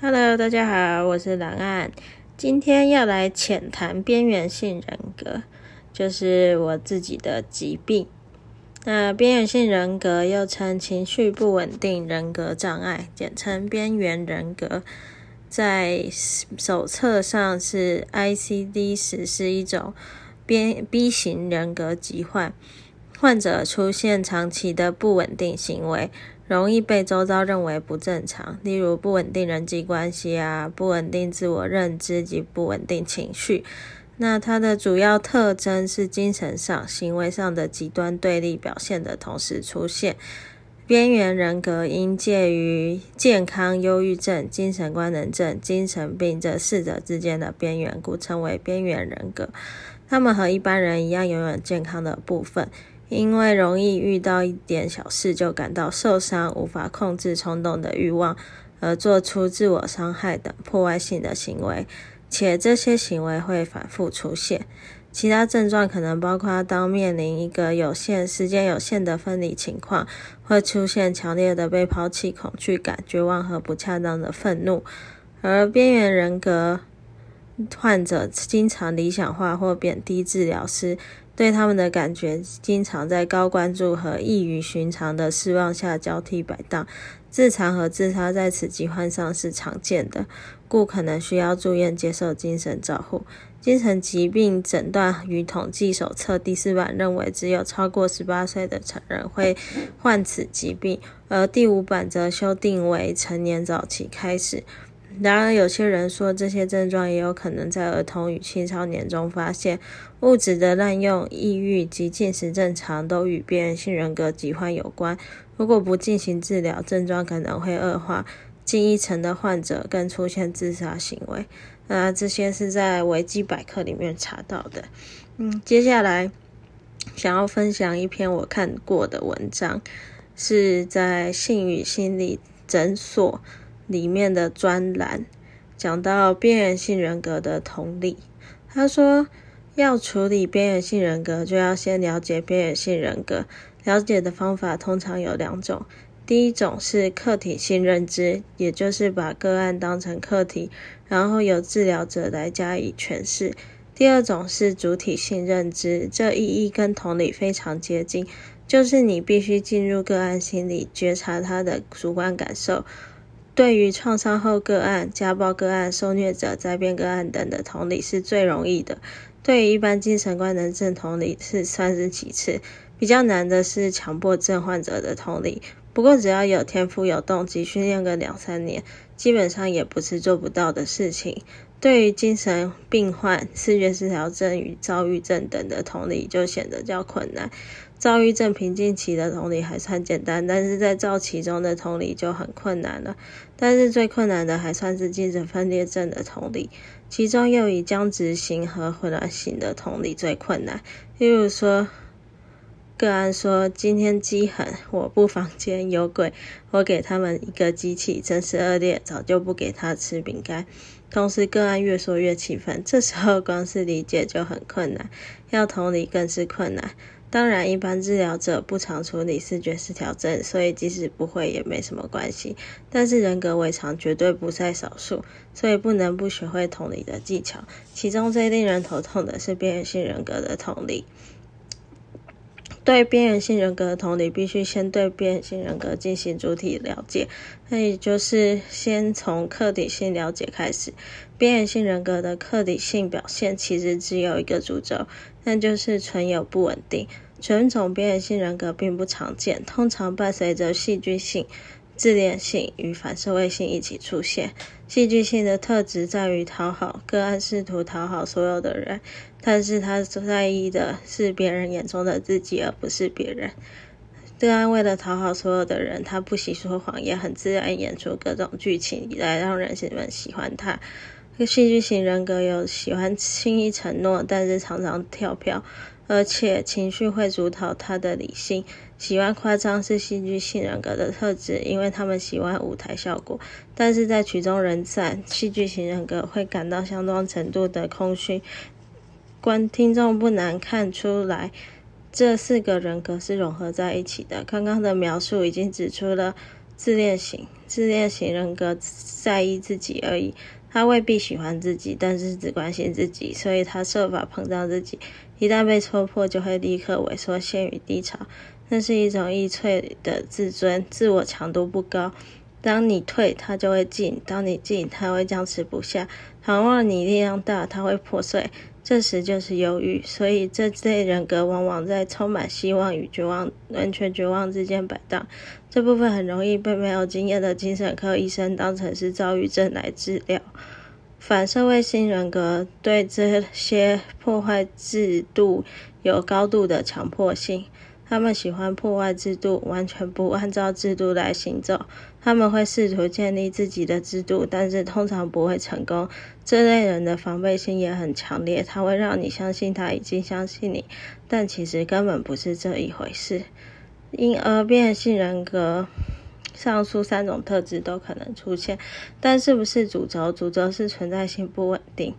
Hello，大家好，我是藍岸，今天要來淺談邊緣性人格，就是我自己的疾病。那邊緣性人格又稱情緒不穩定人格障礙，簡稱邊緣人格，在手冊上是 ICD 十是一種邊 B 型人格疾患，患者出現長期的不穩定行為。容易被周遭認為不正常，例如不穩定人際關係啊、不穩定自我認知及不穩定情緒。那它的主要特徵是精神上、行為上的極端對立表現的同時出現。邊緣人格應介於健康、憂鬱症、精神官能症、精神病這四者之間的邊緣，故稱為邊緣人格。他們和一般人一樣，擁有健康的部分。因為容易遇到一點小事就感到受傷，無法控制衝動的慾望，而做出自我傷害等破壞性的行為，且這些行為會反覆出現。其他症狀可能包括當面臨一個有限，時間有限的分離情況，會出現強烈的被拋棄恐懼感、絕望和不恰當的憤怒。而邊緣人格患者經常理想化或貶低治療師。對他們的感覺，經常在高關注和異於尋常的失望下交替擺盪，自殘和自殺在此疾患上是常見的，故可能需要住院接受精神照護。《精神疾病診斷與統計手冊》第四版認為只有超過十八歲的成人會患此疾病，而第五版則修訂為成年早期開始。然而，有些人說這些症狀也有可能在兒童與青少年中發現。物質的濫用、抑鬱及進食異常都與邊緣性人格疾患有關。如果不進行治療，症狀可能會惡化。近一成的患者更出現自殺行為。那這些是在維基百科裡面查到的。嗯，接下來想要分享一篇我看過的文章，是在性與心理診所。裡面的專欄講到邊緣性人格的同理，他說要處理邊緣性人格，就要先了解邊緣性人格。了解的方法通常有兩種：第一種是客體性認知，也就是把個案當成客體，然後由治療者來加以詮釋；第二種是主體性認知，這意義跟同理非常接近，就是你必須進入個案心理，覺察他的主觀感受。對於創傷後個案、家暴個案、受虐者、災變個案等的同理是最容易的，對於一般精神官能症同理是三十幾次，比較難的是強迫症患者的同理。不過只要有天賦、有動機，訓練個兩三年，基本上也不是做不到的事情。對於精神病患、思覺失調症與躁鬱症等的同理就顯得較困難。躁鬱症平靜期的同理還算簡單，但是在躁期中的同理就很困難了。但是最困難的還算是精神分裂症的同理，其中又以僵直型和混亂型的同理最困難。例如說，個案說：“今天積狠」，我不房間有鬼，我給他們一個機器，真是惡劣，早就不給他吃餅乾。”同時，個案越說越氣憤，這時候光是理解就很困難，要同理更是困難。當然，一般治療者不常處理思覺失調症，所以即使不會也沒什麼關係。但是人格違常絕對不在少數，所以不能不學會同理的技巧。其中最令人頭痛的是邊緣性人格的同理。對邊緣性人格的同理，必須先對邊緣性人格進行主體了解，那也就是先從客體性了解開始。邊緣性人格的客體性表現其實只有一個主軸，那就是存有不穩定。純種表演性人格並不常見，通常伴隨着戲劇性、自戀性與反社會性一起出現。戲劇性的特質在於討好，個案試圖討好所有的人，但是他在意的是別人眼中的自己，而不是別人。個案為了討好所有的人，他不惜說謊，也很自然演出各種劇情來讓人們喜歡他。個戲劇型人格有喜歡輕易承諾，但是常常跳票。而且情緒會主導他的理性，喜歡誇張是戲劇性人格的特質，因為他們喜歡舞台效果。但是在曲終人散，戲劇型人格會感到相當程度的空虛。觀聽眾不難看出來，這四個人格是融合在一起的。剛剛的描述已經指出了自戀型，自戀型人格在意自己而已，他未必喜歡自己，但是只關心自己，所以他設法膨脹自己。一旦被戳破，就會立刻萎縮，陷於低潮。那是一種易脆的自尊，自我強度不高。當你退，它就會進；當你進，它會僵持不下。倘若你力量大，它會破碎。這時就是憂鬱。所以，這類人格往往在充滿希望與絕望、完全絕望之間擺盪。這部分很容易被沒有經驗的精神科醫生當成是躁鬱症來治療。反社會性人格對這些破壞制度有高度的強迫性，他們喜歡破壞制度，完全不按照制度來行走。他們會試圖建立自己的制度，但是通常不會成功。這類人的防備心也很強烈，他會讓你相信他已經相信你，但其實根本不是這一回事。而邊緣性人格，上述三種特質都可能出現，但是不是主軸，主軸是存在性不穩定。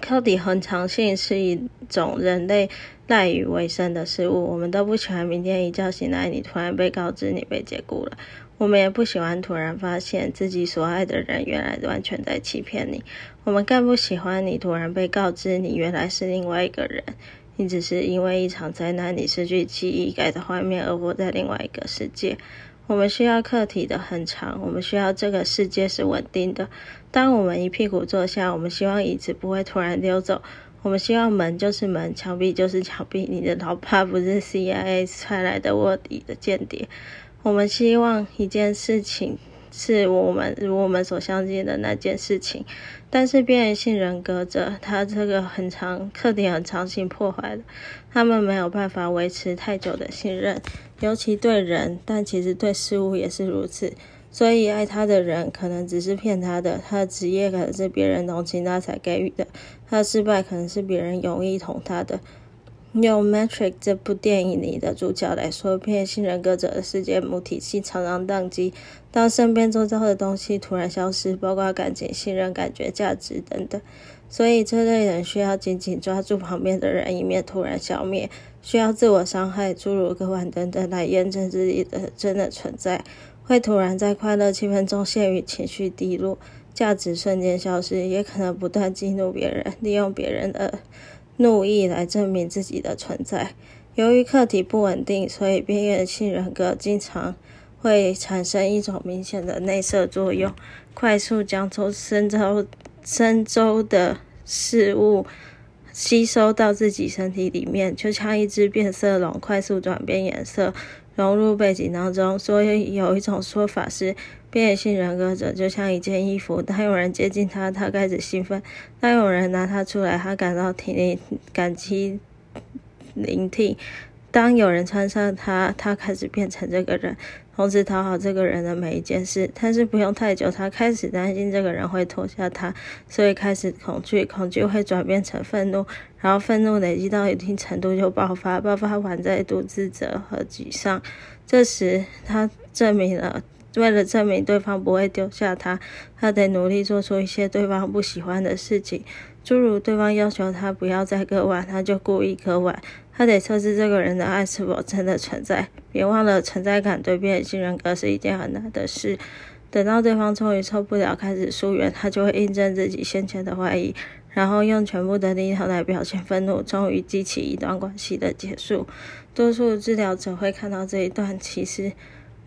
客體恆常性是一種人類賴以為生的事物。我們都不喜歡明天一覺醒來，你突然被告知你被解雇了。我們也不喜歡突然發現自己所愛的人原來完全在欺騙你。我們更不喜歡你突然被告知你原來是另外一個人。你只是因為一場災難，你失去記憶，改的畫面而活在另外一個世界。我們需要客體的恆常，我們需要這個世界是穩定的。當我們一屁股坐下，我們希望椅子不會突然溜走。我們希望門就是門，牆壁就是牆壁。你的老爸不是 CIA 派來的臥底的間諜。我們希望一件事情，是我們，如我們所相信的那件事情，但是邊緣性人格者，他這個很長，特點很長情破壞的，他們沒有辦法維持太久的信任，尤其對人，但其實對事物也是如此。所以愛他的人，可能只是騙他的，他的職業可能是別人同情他才給予的，他的失敗可能是別人容易捅他的。用《Matrix》這部電影裡的主角來說，邊緣人格者的世界母體系常常宕機，當身邊周遭的東西突然消失，包括感情、信任、感覺、價值等等，所以這類人需要緊緊抓住旁邊的人，以免突然消滅；需要自我傷害，諸如割腕等等，來驗證自己的真的存在。會突然在快樂氣氛中陷於情緒低落，價值瞬間消失，也可能不斷激怒別人，利用別人的。怒意來證明自己的存在。由於客體不穩定，所以邊緣性人格經常會產生一種明顯的內攝作用，快速將周身周身周的事物吸收到自己身體裡面，就像一隻變色龍，快速轉變顏色。融入背景當中，所以有一種說法是，邊緣性人格者就像一件衣服，當有人接近他，他開始興奮；當有人拿他出來，他感到聽感激聆聽。當有人穿上他，他開始變成這個人，同時討好這個人的每一件事。但是不用太久，他開始擔心這個人會脫下他，所以開始恐懼。恐懼會轉變成憤怒，然後憤怒累積到一定程度就爆發，爆發完再度自責和沮喪。這時他證明了，為了證明對方不會丟下他，他得努力做出一些對方不喜歡的事情，諸如對方要求他不要再割腕，他就故意割腕。他得測試這個人的愛是否真的存在，別忘了存在感對邊緣性人格是一件很難的事。等到對方終於受不了，開始疏遠，他就會印證自己先前的懷疑，然後用全部的力量來表現憤怒，終於激起一段關係的結束。多數治療者會看到這一段，其實。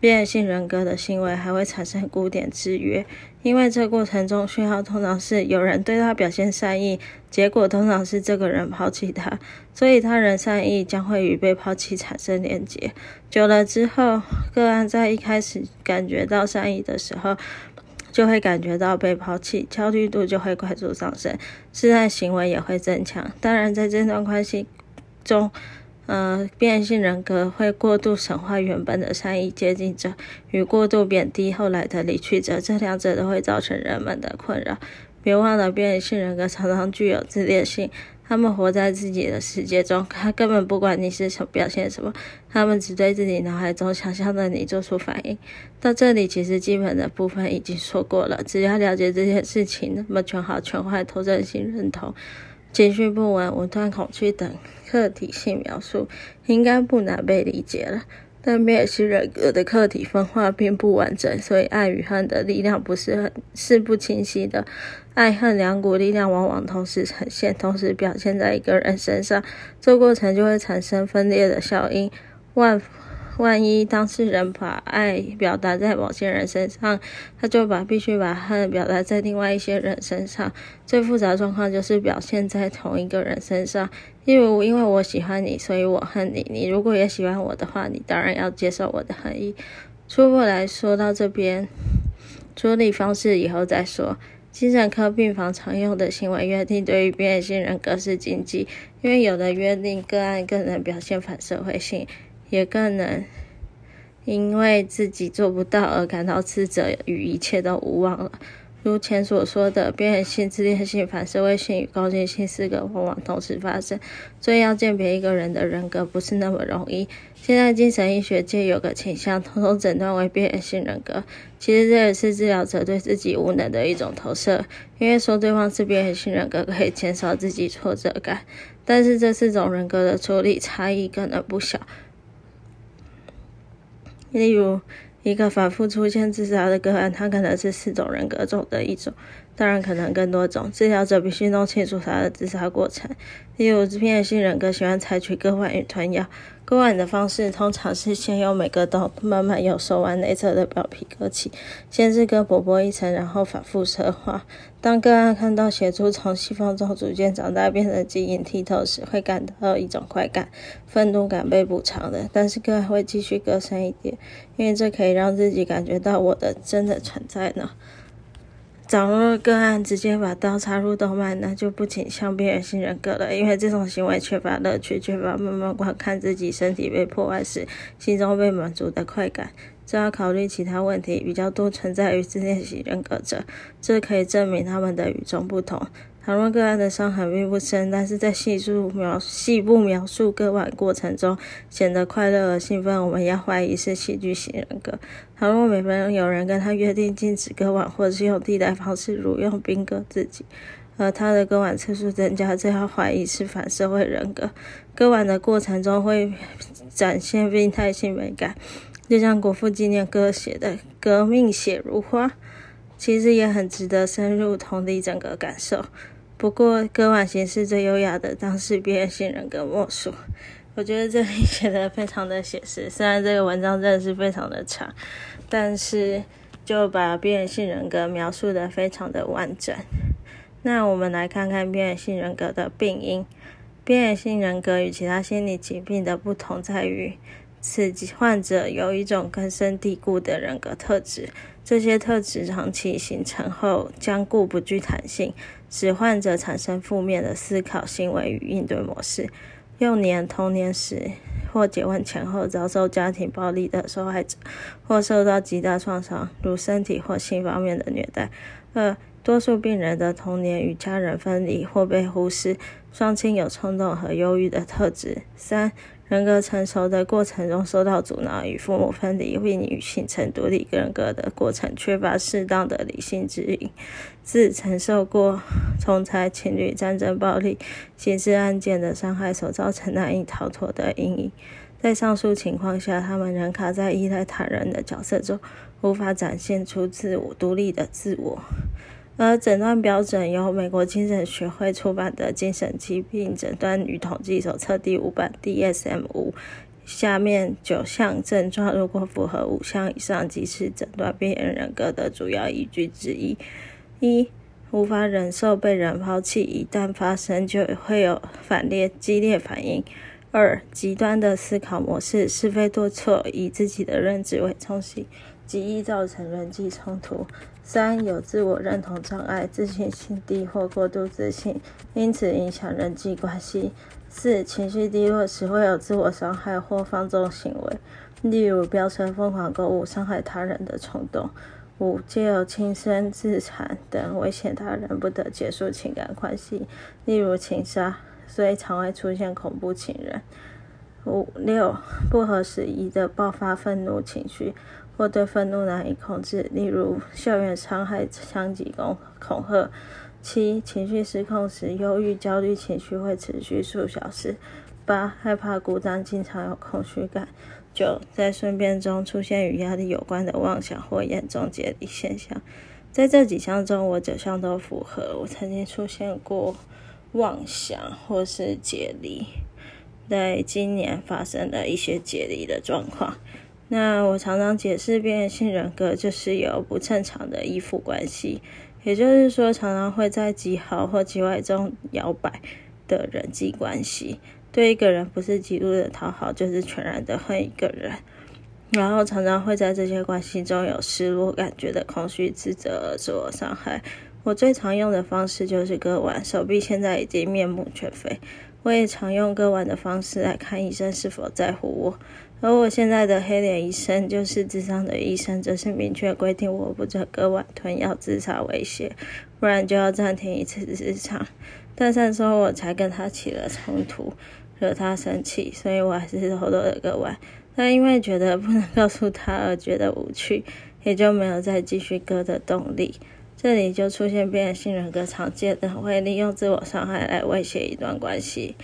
邊緣性人格的行為還會產生古典制約，因為這過程中訊號通常是有人對他表現善意，結果通常是這個人拋棄他，所以他人善意將會與被拋棄產生連結。久了之後，個案在一開始感覺到善意的時候，就會感覺到被拋棄，焦慮度就會快速上升，試探行為也會增強。當然，在這段關係中，呃，邊緣性人格會過度神化原本的善意接近者，與過度貶低後來的離去者，這兩者都會造成人們的困擾。別忘了，邊緣性人格常常具有自戀性，他們活在自己的世界中，他根本不管你是想表現什麼，他們只對自己腦海中想象的你做出反應。到這裡，其實基本的部分已經說過了，只要了解這些事情，那麼全好全壞、投射性認同。情緒不安、無端恐懼等客體性描述，應該不難被理解了。但邊緣性人格的客體分化並不完整，所以愛與恨的力量不是很是不清晰的。愛恨兩股力量往往同時呈現，同時表現在一個人身上，這過程就會產生分裂的效應。萬。萬一當事人把愛表達在某些人身上，他就把必須把恨表達在另外一些人身上。最複雜狀況就是表現在同一個人身上，例如因為我喜歡你，所以我恨你。你如果也喜歡我的話，你當然要接受我的恨意。初步來說到這邊，處理方式以後再說。精神科病房常用的行為約定對於邊緣性人格是禁忌，因為有的約定個案更能表現反社會性。也更能因為自己做不到而感到自責，與一切都無望了。如前所說的，邊緣性、自戀性、反社會性與攻擊性四個往往同時發生，所以要鑑別一個人的人格不是那麼容易。現在精神醫學界有個傾向，通通診斷為邊緣性人格。其實這也是治療者對自己無能的一種投射，因為說對方是邊緣性人格，可以減少自己挫折感。但是這四種人格的處理差異可能不小。例如，一個反覆出現自殺的個案，他可能是四種人格中的一種，當然可能更多種。治療者必須弄清楚他的自殺過程。例如，邊緣性人格喜歡採取割腕與吞藥。割腕的方式通常是先用美工刀慢慢由手腕內側的表皮割起，先是割薄薄一層，然後反覆深劃。當個案看到血珠從細縫中逐漸長大，變成晶瑩剔透時，會感到一種快感，憤怒感被補償了。但是個案會繼續割深一點，因為這可以讓自己感覺到我的真的存在呢。掌握個案，直接把刀插入動脈，那就不傾向邊緣性人格了，因為這種行為缺乏樂趣，缺乏慢慢觀看自己身體被破壞時心中被滿足的快感。這要考慮其他問題，比較多存在於自戀型人格者，這可以證明他們的與眾不同。倘若個案的傷痕並不深，但是在細述描細部描述割腕過程中顯得快樂而興奮，我們也要懷疑是戲劇型人格。倘若每逢有人跟他約定禁止割腕，或是用替代方式，如用冰割自己，而、呃、他的割腕次數增加，最好懷疑是反社會人格。割腕的過程中會展現病態性美感，就像國父紀念歌寫的“革命血如花”，其實也很值得深入同理整個感受。不過，割腕形式最優雅的，當是邊緣性人格莫屬。我覺得這裡寫的非常的寫實。雖然這個文章真的是非常的長，但是就把邊緣性人格描述的非常的完整。那我們來看看邊緣性人格的病因。邊緣性人格與其他心理疾病的不同在於，此患者有一種根深蒂固的人格特質，這些特質長期形成後僵固不具彈性。使患者產生負面的思考、行為與應對模式。幼年、童年時或結婚前後遭受家庭暴力的受害者，或受到極大創傷，如身體或性方面的虐待。二、多數病人的童年與家人分離，或被忽視，雙親有衝動和憂鬱的特質。三。人格成熟的過程中受到阻撓，與父母分離，為你形成獨立個人格的過程缺乏適當的理性指引，自承受過重財情侶戰爭暴力刑事案件的傷害，所造成難以逃脫的陰影。在上述情況下，他們仍卡在依賴他人的角色中，無法展現出自我獨立的自我。而診斷標準由美國精神學會出版的《精神疾病診斷與統計手冊》第五版 （DSM-5） 下面九項症狀，如果符合五項以上，即是診斷邊緣人格的主要依據之一。一、無法忍受被人拋棄，一旦發生就會有反烈激烈反應。二、極端的思考模式，是非對錯，以自己的認知為中心，極易造成人際衝突。三、有自我認同障礙，自信心低或過度自信，因此影響人際關係。四、情緒低落時會有自我傷害或放縱行為，例如飆車、瘋狂購物、傷害他人的衝動。五、借由輕生、自殘等威脅他人，不得結束情感關係，例如情殺，所以常會出現恐怖情人。五、六、不合時宜的爆發憤怒情緒。或對憤怒難以控制，例如校園傷害、槍擊恐恐嚇。七、情緒失控時，憂鬱、焦慮情緒會持續數小時。八、害怕孤單，經常有空虛感。九、在睡眠中出現與壓力有關的妄想或嚴重解離現象。在這幾項中，我九項都符合。我曾經出現過妄想或是解離，在今年發生了一些解離的狀況。那我常常解釋邊緣性人格就是有不正常的依附關係，也就是說常常會在極好或極壞中搖擺的人際關係，對一個人不是極度的討好，就是全然的恨一個人，然後常常會在這些關係中有失落感覺的空虛、自責而自我傷害。我最常用的方式就是割腕，手臂現在已經面目全非，我也常用割腕的方式來看醫生是否在乎我。而我現在的黑臉醫生就是智商的醫生，則是明確規定我不准割腕吞藥自殺威脅，不然就要暫停一次自創。但上時我才跟他起了衝突，惹他生氣，所以我還是偷偷的割腕。但因為覺得不能告訴他而覺得無趣，也就沒有再繼續割的動力。這裡就出現邊緣性人格常見的會利用自我傷害來威脅一段關係。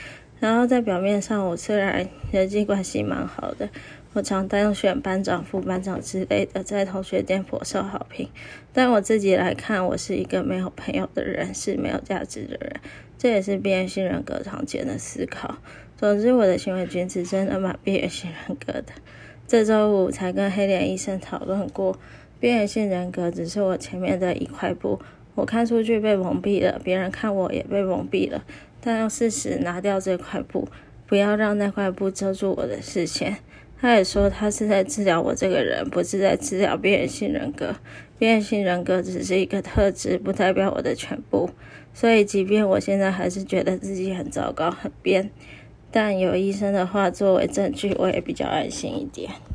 然後在表面上，我雖然人際關係蠻好的，我常當選班長、副班長之類的，在同學間頗受好評。但我自己來看，我是一個沒有朋友的人，是沒有價值的人。這也是邊緣性人格常見的思考。總之，我的行為舉止真的蠻邊緣性人格的。這周五才跟黑臉醫生討論過，邊緣性人格只是我前面的一塊布。我看出去被蒙蔽了，別人看我也被蒙蔽了。但要適時拿掉這塊布，不要讓那塊布遮住我的視線。他也說，他是在治療我這個人，不是在治療邊緣性人格。邊緣性人格只是一個特質，不代表我的全部。所以，即便我現在還是覺得自己很糟糕、很變，但有醫生的話作為證據，我也比較安心一點。